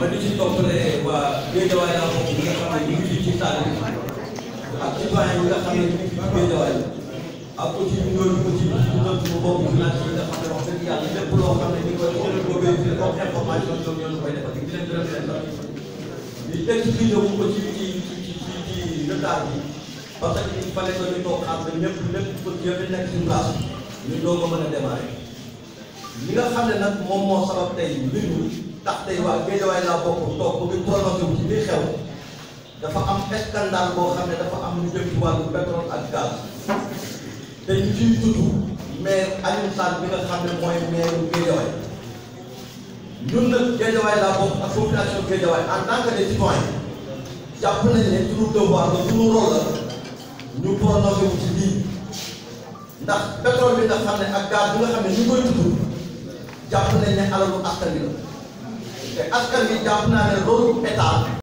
ma di ci toppale waa Géejawaay laa bokk ñi nga xam ne ñu ngi ci taal ak ci bàyyi ñi nga xam ne ñu ngi ci Géejawaay ak aussi ñu doon ko ci ci doon suñu bopp ci laaj yi nga xam ne wax dëgg yàlla lépp loo xam ne ñu ngi koy wax ko béy ci comme information ñoom ñoo koy def ak di leen gërëm leen sax di expliqué wu ko ci ci ci ci retard bi parce que il fallait que ñu toog xam ne lépp lépp pour yëpp nekk suñu place ñu doog a mën a démarrer li nga xam ne nag moom moo sabab tey mbir tax tey waa Géejawaay laa bokk toog bu ñu prononcé wu ci li xew dafa am scandale boo xam ne dafa am lu jëm ci wàllu pétrole ak gaz te ñu ciy tudd maire Alioune Sall bi nga xam ne mooy maire Géejawaay ñun nag Géejawaay laa bokk ak population Géejawaay en tant que des citoyens jàpp nañ ne suñu devoir la suñu rôle la ndax xam ne ak gaz bi nga xam ne ñu koy tudd. jàpp nañ ne alalu askan bi la te askan bi jàpp naa ne loolu état